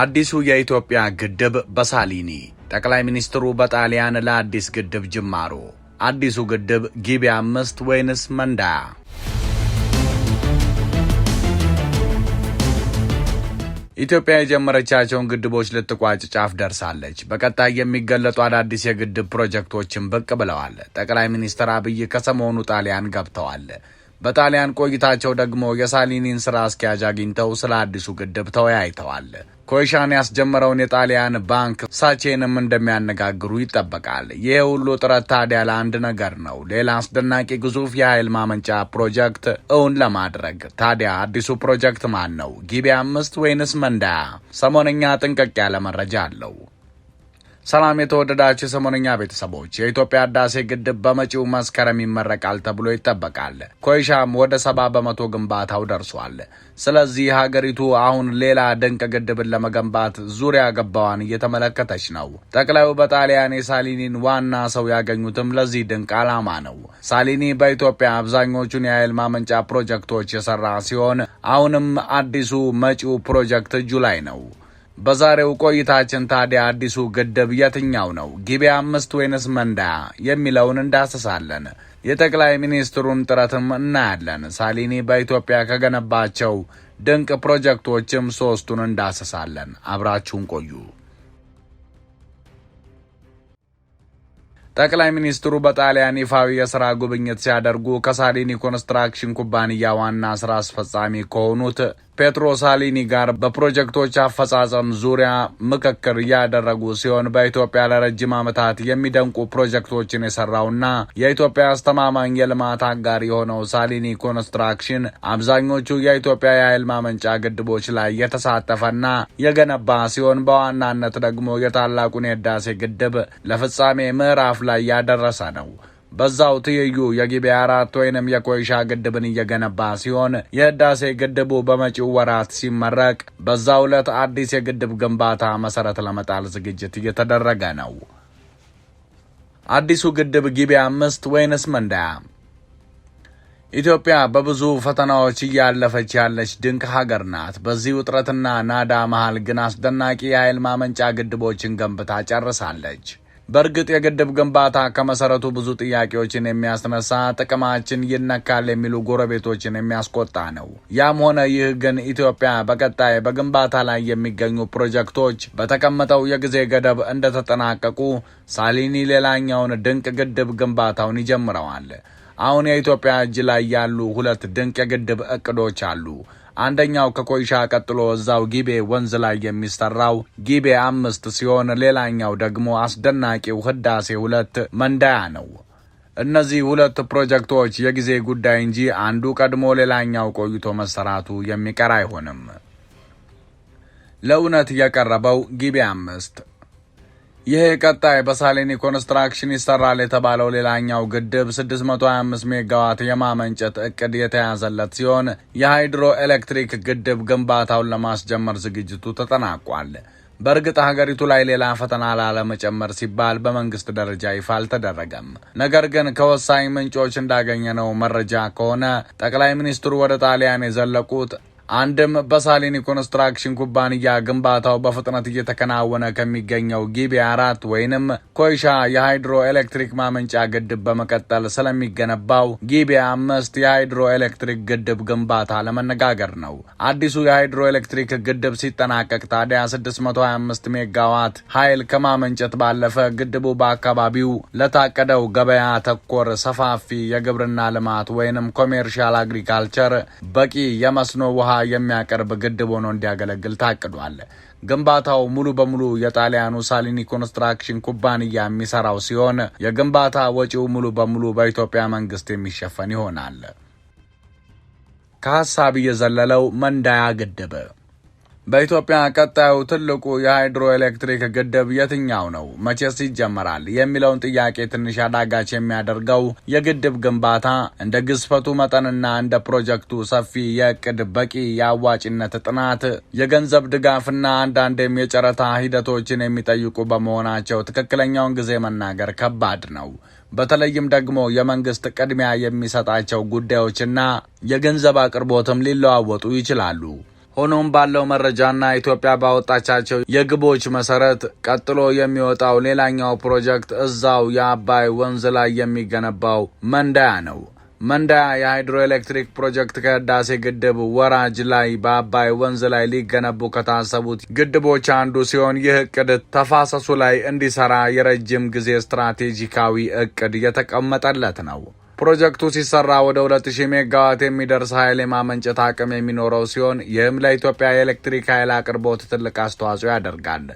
አዲሱ የኢትዮጵያ ግድብ በሳሊኒ ጠቅላይ ሚኒስትሩ በጣሊያን ለአዲስ ግድብ ጅማሮ። አዲሱ ግድብ ጊቢ አምስት ወይንስ መንዳ ኢትዮጵያ የጀመረቻቸውን ግድቦች ልትቋጭ ጫፍ ደርሳለች። በቀጣይ የሚገለጡ አዳዲስ የግድብ ፕሮጀክቶችን ብቅ ብለዋል። ጠቅላይ ሚኒስትር አብይ ከሰሞኑ ጣሊያን ገብተዋል። በጣሊያን ቆይታቸው ደግሞ የሳሊኒን ስራ አስኪያጅ አግኝተው ስለ አዲሱ ግድብ ተወያይተዋል። ኮይሻን ያስጀመረውን የጣሊያን ባንክ ሳቼንም እንደሚያነጋግሩ ይጠበቃል። ይህ ሁሉ ጥረት ታዲያ ለአንድ ነገር ነው፣ ሌላ አስደናቂ ግዙፍ የኃይል ማመንጫ ፕሮጀክት እውን ለማድረግ። ታዲያ አዲሱ ፕሮጀክት ማን ነው? ጊቤ አምስት ወይንስ መንዳያ? ሰሞነኛ ጥንቀቅ ያለ መረጃ አለው። ሰላም የተወደዳችሁ የሰሞነኛ ቤተሰቦች፣ የኢትዮጵያ ህዳሴ ግድብ በመጪው መስከረም ይመረቃል ተብሎ ይጠበቃል። ኮይሻም ወደ ሰባ በመቶ ግንባታው ደርሷል። ስለዚህ ሀገሪቱ አሁን ሌላ ድንቅ ግድብን ለመገንባት ዙሪያ ገባዋን እየተመለከተች ነው። ጠቅላዩ በጣሊያን የሳሊኒን ዋና ሰው ያገኙትም ለዚህ ድንቅ ዓላማ ነው። ሳሊኒ በኢትዮጵያ አብዛኞቹን የኃይል ማመንጫ ፕሮጀክቶች የሰራ ሲሆን አሁንም አዲሱ መጪው ፕሮጀክት እጁ ላይ ነው። በዛሬው ቆይታችን ታዲያ አዲሱ ግድብ የትኛው ነው? ጊቤ አምስት ወይንስ መንዳ የሚለውን እንዳስሳለን። የጠቅላይ ሚኒስትሩን ጥረትም እናያለን። ሳሊኒ በኢትዮጵያ ከገነባቸው ድንቅ ፕሮጀክቶችም ሶስቱን እንዳስሳለን። አብራችሁን ቆዩ። ጠቅላይ ሚኒስትሩ በጣሊያን ይፋዊ የሥራ ጉብኝት ሲያደርጉ ከሳሊኒ ኮንስትራክሽን ኩባንያ ዋና ሥራ አስፈጻሚ ከሆኑት ፔትሮ ሳሊኒ ጋር በፕሮጀክቶች አፈጻጸም ዙሪያ ምክክር እያደረጉ ሲሆን በኢትዮጵያ ለረጅም ዓመታት የሚደንቁ ፕሮጀክቶችን የሰራውና የኢትዮጵያ አስተማማኝ የልማት አጋር የሆነው ሳሊኒ ኮንስትራክሽን አብዛኞቹ የኢትዮጵያ የኃይል ማመንጫ ግድቦች ላይ የተሳተፈና የገነባ ሲሆን በዋናነት ደግሞ የታላቁን የህዳሴ ግድብ ለፍጻሜ ምዕራፍ ላይ ያደረሰ ነው። በዛው ትይዩ የጊቤ አራት ወይንም የኮይሻ ግድብን እየገነባ ሲሆን የህዳሴ ግድቡ በመጪው ወራት ሲመረቅ በዛው ዕለት አዲስ የግድብ ግንባታ መሰረት ለመጣል ዝግጅት እየተደረገ ነው። አዲሱ ግድብ ጊቤ አምስት ወይንስ መንዳያ? ኢትዮጵያ በብዙ ፈተናዎች እያለፈች ያለች ድንቅ ሀገር ናት። በዚህ ውጥረትና ናዳ መሃል ግን አስደናቂ የኃይል ማመንጫ ግድቦችን ገንብታ ጨርሳለች። በእርግጥ የግድብ ግንባታ ከመሰረቱ ብዙ ጥያቄዎችን የሚያስነሳ ጥቅማችን ይነካል የሚሉ ጎረቤቶችን የሚያስቆጣ ነው። ያም ሆነ ይህ ግን ኢትዮጵያ በቀጣይ በግንባታ ላይ የሚገኙ ፕሮጀክቶች በተቀመጠው የጊዜ ገደብ እንደተጠናቀቁ ሳሊኒ ሌላኛውን ድንቅ ግድብ ግንባታውን ይጀምረዋል። አሁን የኢትዮጵያ እጅ ላይ ያሉ ሁለት ድንቅ የግድብ እቅዶች አሉ። አንደኛው ከኮይሻ ቀጥሎ እዛው ጊቤ ወንዝ ላይ የሚሰራው ጊቤ አምስት ሲሆን ሌላኛው ደግሞ አስደናቂው ህዳሴ ሁለት መንዳያ ነው። እነዚህ ሁለት ፕሮጀክቶች የጊዜ ጉዳይ እንጂ አንዱ ቀድሞ ሌላኛው ቆይቶ መሰራቱ የሚቀር አይሆንም። ለእውነት የቀረበው ጊቤ አምስት ይህ ቀጣይ በሳሌኒ ኮንስትራክሽን ይሰራል የተባለው ሌላኛው ግድብ 625 ሜጋዋት የማመንጨት እቅድ የተያዘለት ሲሆን የሃይድሮ ኤሌክትሪክ ግድብ ግንባታውን ለማስጀመር ዝግጅቱ ተጠናቋል። በእርግጥ ሀገሪቱ ላይ ሌላ ፈተና ላለመጨመር ሲባል በመንግስት ደረጃ ይፋ አልተደረገም። ነገር ግን ከወሳኝ ምንጮች እንዳገኘነው መረጃ ከሆነ ጠቅላይ ሚኒስትሩ ወደ ጣሊያን የዘለቁት አንድም በሳሊኒ ኮንስትራክሽን ኩባንያ ግንባታው በፍጥነት እየተከናወነ ከሚገኘው ጊቢ አራት ወይንም ኮይሻ የሃይድሮ ኤሌክትሪክ ማመንጫ ግድብ በመቀጠል ስለሚገነባው ጊቢ አምስት የሃይድሮ ኤሌክትሪክ ግድብ ግንባታ ለመነጋገር ነው። አዲሱ የሃይድሮ ኤሌክትሪክ ግድብ ሲጠናቀቅ ታዲያ 625 ሜጋዋት ኃይል ከማመንጨት ባለፈ ግድቡ በአካባቢው ለታቀደው ገበያ ተኮር ሰፋፊ የግብርና ልማት ወይንም ኮሜርሻል አግሪካልቸር በቂ የመስኖ ውሃ የሚያቀርብ ግድብ ሆኖ እንዲያገለግል ታቅዷል። ግንባታው ሙሉ በሙሉ የጣሊያኑ ሳሊኒ ኮንስትራክሽን ኩባንያ የሚሰራው ሲሆን የግንባታ ወጪው ሙሉ በሙሉ በኢትዮጵያ መንግስት የሚሸፈን ይሆናል። ከሀሳብ እየዘለለው መንዳያ ግድብ በኢትዮጵያ ቀጣዩ ትልቁ የሃይድሮኤሌክትሪክ ኤሌክትሪክ ግድብ የትኛው ነው? መቼስ ይጀመራል? የሚለውን ጥያቄ ትንሽ አዳጋች የሚያደርገው የግድብ ግንባታ እንደ ግዝፈቱ መጠንና እንደ ፕሮጀክቱ ሰፊ የእቅድ በቂ የአዋጭነት ጥናት፣ የገንዘብ ድጋፍና አንዳንዴም የጨረታ ሂደቶችን የሚጠይቁ በመሆናቸው ትክክለኛውን ጊዜ መናገር ከባድ ነው። በተለይም ደግሞ የመንግስት ቅድሚያ የሚሰጣቸው ጉዳዮችና የገንዘብ አቅርቦትም ሊለዋወጡ ይችላሉ። ሆኖም ባለው መረጃና ኢትዮጵያ ባወጣቻቸው የግቦች መሰረት ቀጥሎ የሚወጣው ሌላኛው ፕሮጀክት እዛው የአባይ ወንዝ ላይ የሚገነባው መንዳያ ነው። መንዳያ የሃይድሮኤሌክትሪክ ፕሮጀክት ከህዳሴ ግድብ ወራጅ ላይ በአባይ ወንዝ ላይ ሊገነቡ ከታሰቡት ግድቦች አንዱ ሲሆን ይህ እቅድ ተፋሰሱ ላይ እንዲሰራ የረጅም ጊዜ ስትራቴጂካዊ እቅድ የተቀመጠለት ነው። ፕሮጀክቱ ሲሰራ ወደ 200 ሜጋዋት የሚደርስ ኃይል የማመንጨት አቅም የሚኖረው ሲሆን ይህም ለኢትዮጵያ የኤሌክትሪክ ኃይል አቅርቦት ትልቅ አስተዋጽኦ ያደርጋል።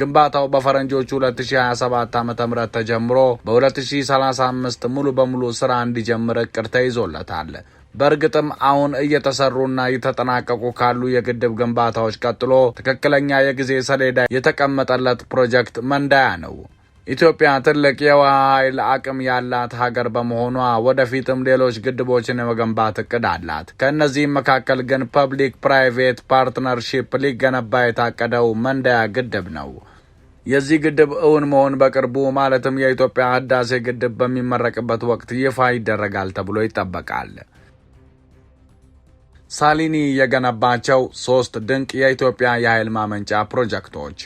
ግንባታው በፈረንጆቹ 2027 ዓ ም ተጀምሮ በ2035 ሙሉ በሙሉ ስራ እንዲጀምር እቅድ ተይዞለታል። በእርግጥም አሁን እየተሰሩና እየተጠናቀቁ ካሉ የግድብ ግንባታዎች ቀጥሎ ትክክለኛ የጊዜ ሰሌዳ የተቀመጠለት ፕሮጀክት መንዳያ ነው። ኢትዮጵያ ትልቅ የውሃ ኃይል አቅም ያላት ሀገር በመሆኗ ወደፊትም ሌሎች ግድቦችን የመገንባት እቅድ አላት። ከእነዚህም መካከል ግን ፐብሊክ ፕራይቬት ፓርትነርሺፕ ሊገነባ የታቀደው መንደያ ግድብ ነው። የዚህ ግድብ እውን መሆን በቅርቡ ማለትም የኢትዮጵያ ህዳሴ ግድብ በሚመረቅበት ወቅት ይፋ ይደረጋል ተብሎ ይጠበቃል። ሳሊኒ የገነባቸው ሶስት ድንቅ የኢትዮጵያ የኃይል ማመንጫ ፕሮጀክቶች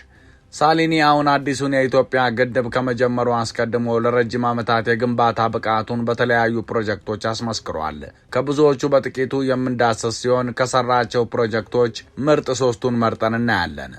ሳሊኒ አሁን አዲሱን የኢትዮጵያ ግድብ ከመጀመሩ አስቀድሞ ለረጅም ዓመታት የግንባታ ብቃቱን በተለያዩ ፕሮጀክቶች አስመስክሯል። ከብዙዎቹ በጥቂቱ የምንዳሰስ ሲሆን ከሰራቸው ፕሮጀክቶች ምርጥ ሶስቱን መርጠን እናያለን።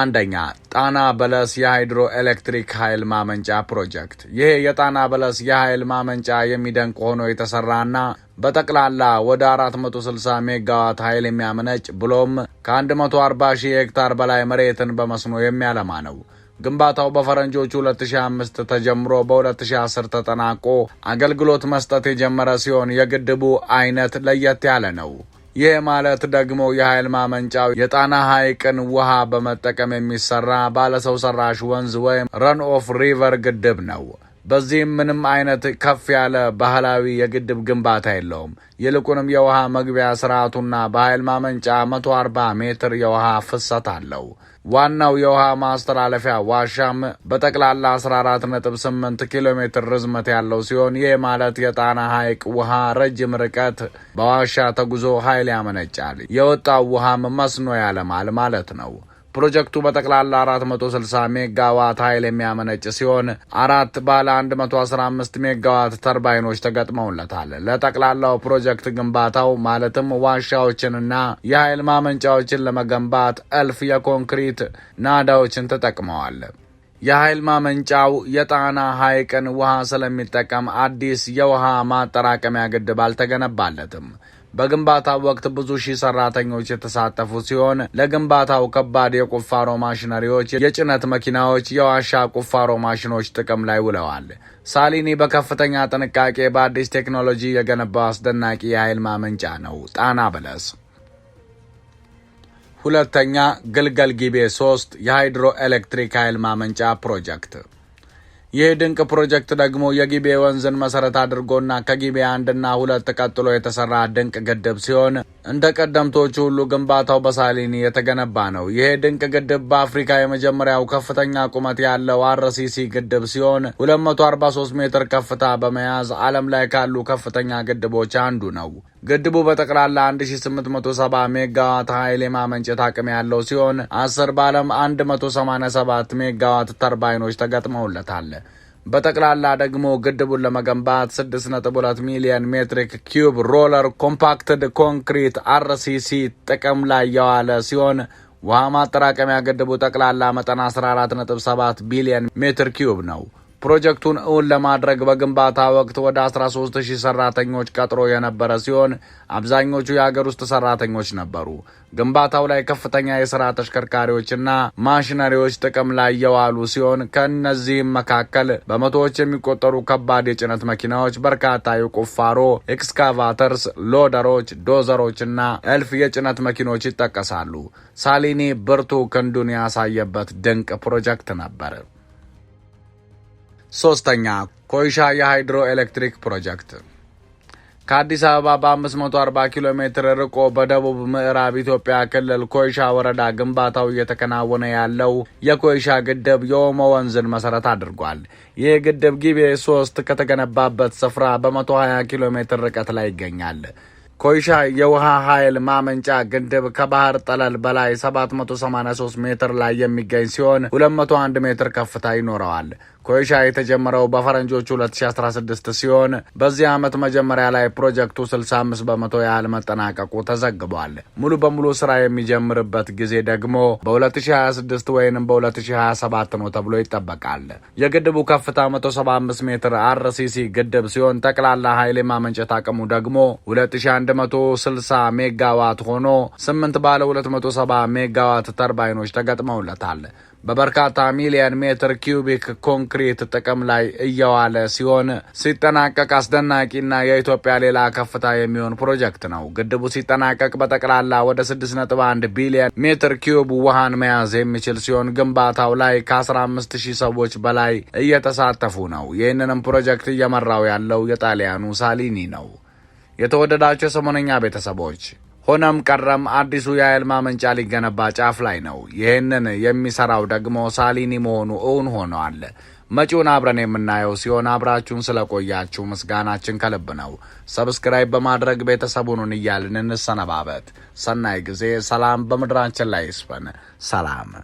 አንደኛ ጣና በለስ የሃይድሮ ኤሌክትሪክ ኃይል ማመንጫ ፕሮጀክት። ይህ የጣና በለስ የኃይል ማመንጫ የሚደንቅ ሆኖ የተሰራና በጠቅላላ ወደ 460 ሜጋዋት ኃይል የሚያመነጭ ብሎም ከ140 ሺህ ሄክታር በላይ መሬትን በመስኖ የሚያለማ ነው። ግንባታው በፈረንጆቹ 2005 ተጀምሮ በ2010 ተጠናቆ አገልግሎት መስጠት የጀመረ ሲሆን የግድቡ አይነት ለየት ያለ ነው። ይህ ማለት ደግሞ የኃይል ማመንጫው የጣና ሐይቅን ውሃ በመጠቀም የሚሰራ ባለሰው ሰራሽ ወንዝ ወይም ረን ኦፍ ሪቨር ግድብ ነው። በዚህም ምንም አይነት ከፍ ያለ ባህላዊ የግድብ ግንባታ የለውም። ይልቁንም የውሃ መግቢያ ስርዓቱና በኃይል ማመንጫ 140 ሜትር የውሃ ፍሰት አለው። ዋናው የውሃ ማስተላለፊያ ዋሻም በጠቅላላ 148 ኪሎ ሜትር ርዝመት ያለው ሲሆን ይህ ማለት የጣና ሐይቅ ውሃ ረጅም ርቀት በዋሻ ተጉዞ ኃይል ያመነጫል። የወጣው ውሃም መስኖ ያለማል ማለት ነው። ፕሮጀክቱ በጠቅላላ 460 ሜጋዋት ኃይል የሚያመነጭ ሲሆን አራት ባለ 115 ሜጋዋት ተርባይኖች ተገጥመውለታል። ለጠቅላላው ፕሮጀክት ግንባታው ማለትም ዋሻዎችንና የኃይል ማመንጫዎችን ለመገንባት እልፍ የኮንክሪት ናዳዎችን ተጠቅመዋል። የኃይል ማመንጫው የጣና ሐይቅን ውሃ ስለሚጠቀም አዲስ የውሃ ማጠራቀሚያ ግድብ አልተገነባለትም። በግንባታው ወቅት ብዙ ሺህ ሰራተኞች የተሳተፉ ሲሆን ለግንባታው ከባድ የቁፋሮ ማሽነሪዎች፣ የጭነት መኪናዎች፣ የዋሻ ቁፋሮ ማሽኖች ጥቅም ላይ ውለዋል። ሳሊኒ በከፍተኛ ጥንቃቄ በአዲስ ቴክኖሎጂ የገነባው አስደናቂ የኃይል ማመንጫ ነው። ጣና በለስ ሁለተኛ ግልገል ጊቤ ሶስት የሃይድሮ ኤሌክትሪክ ኃይል ማመንጫ ፕሮጀክት ይህ ድንቅ ፕሮጀክት ደግሞ የጊቤ ወንዝን መሰረት አድርጎና ከጊቤ አንድና ሁለት ቀጥሎ የተሰራ ድንቅ ግድብ ሲሆን እንደ ቀደምቶቹ ሁሉ ግንባታው በሳሊኒ የተገነባ ነው። ይሄ ድንቅ ግድብ በአፍሪካ የመጀመሪያው ከፍተኛ ቁመት ያለው አርሲሲ ግድብ ሲሆን 243 ሜትር ከፍታ በመያዝ ዓለም ላይ ካሉ ከፍተኛ ግድቦች አንዱ ነው። ግድቡ በጠቅላላ 1870 ሜጋዋት ኃይል የማመንጨት አቅም ያለው ሲሆን 10 በዓለም 187 ሜጋዋት ተርባይኖች ተገጥመውለታል። በጠቅላላ ደግሞ ግድቡን ለመገንባት 6.2 ሚሊዮን ሜትሪክ ኪዩብ ሮለር ኮምፓክትድ ኮንክሪት አርሲሲ ጥቅም ላይ የዋለ ሲሆን ውሃ ማጠራቀሚያ ግድቡ ጠቅላላ መጠን 14.7 ቢሊዮን ሜትር ኪዩብ ነው። ፕሮጀክቱን እውን ለማድረግ በግንባታ ወቅት ወደ 13000 ሰራተኞች ቀጥሮ የነበረ ሲሆን አብዛኞቹ የሀገር ውስጥ ሰራተኞች ነበሩ። ግንባታው ላይ ከፍተኛ የስራ ተሽከርካሪዎችና ማሽነሪዎች ጥቅም ላይ የዋሉ ሲሆን ከእነዚህም መካከል በመቶዎች የሚቆጠሩ ከባድ የጭነት መኪናዎች፣ በርካታ የቁፋሮ ኤክስካቫተርስ፣ ሎደሮች፣ ዶዘሮችና እልፍ የጭነት መኪኖች ይጠቀሳሉ። ሳሊኒ ብርቱ ክንዱን ያሳየበት ድንቅ ፕሮጀክት ነበር። ሶስተኛ ኮይሻ የሃይድሮ ኤሌክትሪክ ፕሮጀክት ከአዲስ አበባ በ540 ኪሎ ሜትር ርቆ በደቡብ ምዕራብ ኢትዮጵያ ክልል ኮይሻ ወረዳ ግንባታው እየተከናወነ ያለው የኮይሻ ግድብ የኦሞ ወንዝን መሰረት አድርጓል። ይህ ግድብ ጊቤ 3 ከተገነባበት ስፍራ በ120 ኪሎ ሜትር ርቀት ላይ ይገኛል። ኮይሻ የውሃ ኃይል ማመንጫ ግድብ ከባህር ጠለል በላይ 783 ሜትር ላይ የሚገኝ ሲሆን 201 ሜትር ከፍታ ይኖረዋል። ኮይሻ የተጀመረው በፈረንጆቹ 2016 ሲሆን በዚህ ዓመት መጀመሪያ ላይ ፕሮጀክቱ 65 በመቶ ያህል መጠናቀቁ ተዘግቧል። ሙሉ በሙሉ ስራ የሚጀምርበት ጊዜ ደግሞ በ2026 ወይም በ2027 ነው ተብሎ ይጠበቃል። የግድቡ ከፍታ 175 ሜትር አርሲሲ ግድብ ሲሆን ጠቅላላ ኃይል የማመንጨት አቅሙ ደግሞ 2160 ሜጋዋት ሆኖ 8 ባለ 270 ሜጋዋት ተርባይኖች ተገጥመውለታል። በበርካታ ሚሊየን ሜትር ኪዩቢክ ኮንክሪት ጥቅም ላይ እየዋለ ሲሆን ሲጠናቀቅ አስደናቂና የኢትዮጵያ ሌላ ከፍታ የሚሆን ፕሮጀክት ነው። ግድቡ ሲጠናቀቅ በጠቅላላ ወደ 6.1 ቢሊየን ሜትር ኪዩብ ውሃን መያዝ የሚችል ሲሆን ግንባታው ላይ ከ15 ሺህ ሰዎች በላይ እየተሳተፉ ነው። ይህንንም ፕሮጀክት እየመራው ያለው የጣሊያኑ ሳሊኒ ነው። የተወደዳቸው የሰሞነኛ ቤተሰቦች ሆነም ቀረም አዲሱ የኃይል ማመንጫ ሊገነባ ጫፍ ላይ ነው። ይህንን የሚሰራው ደግሞ ሳሊኒ መሆኑ እውን ሆነዋል። መጪውን አብረን የምናየው ሲሆን አብራችሁን ስለቆያችሁ ምስጋናችን ከልብ ነው። ሰብስክራይብ በማድረግ ቤተሰቡኑን እያልን እንሰነባበት። ሰናይ ጊዜ። ሰላም በምድራችን ላይ ይስፈን። ሰላም